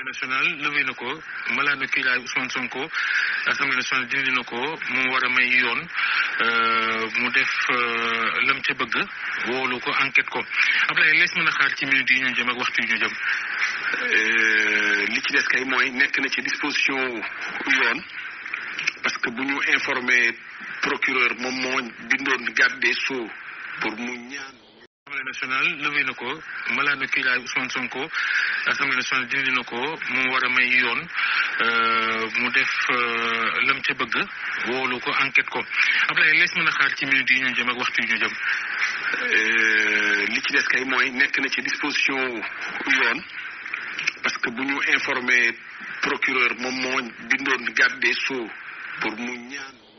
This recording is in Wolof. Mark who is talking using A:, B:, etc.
A: assemblée nationale levé na ko malaana kiiraay Ousmane Sonko assemblée nationale dindi na ko mu war a may yoon euh, mu def euh, lam ca bëgg woolu ko enquête ko Ablaye lees mën a xaar ci minutes yi ñu jëm ak waxtu yi ñu jëm euh,
B: li ci des kay mooy nekk na ci disposition yoon parce que bu ñu informé procureur moom moo bindoon garde des pour mu ñaan
A: assemblée nationale levé na ko malaana kiiraay Ousmane Sonko assemblée nationale dindi na ko mu war a may yoon euh, mu def euh, lam ca bëgg woolu ko enquête ko Ablaye lees mën a xaar ci minutes yi ñu jëm ak waxtu yi ñu jëm
B: euh, li ci des kay mooy nekk na ci disposition yoon parce que bu ñu informé procureur moom moo bindoon garde des pour mu ñaan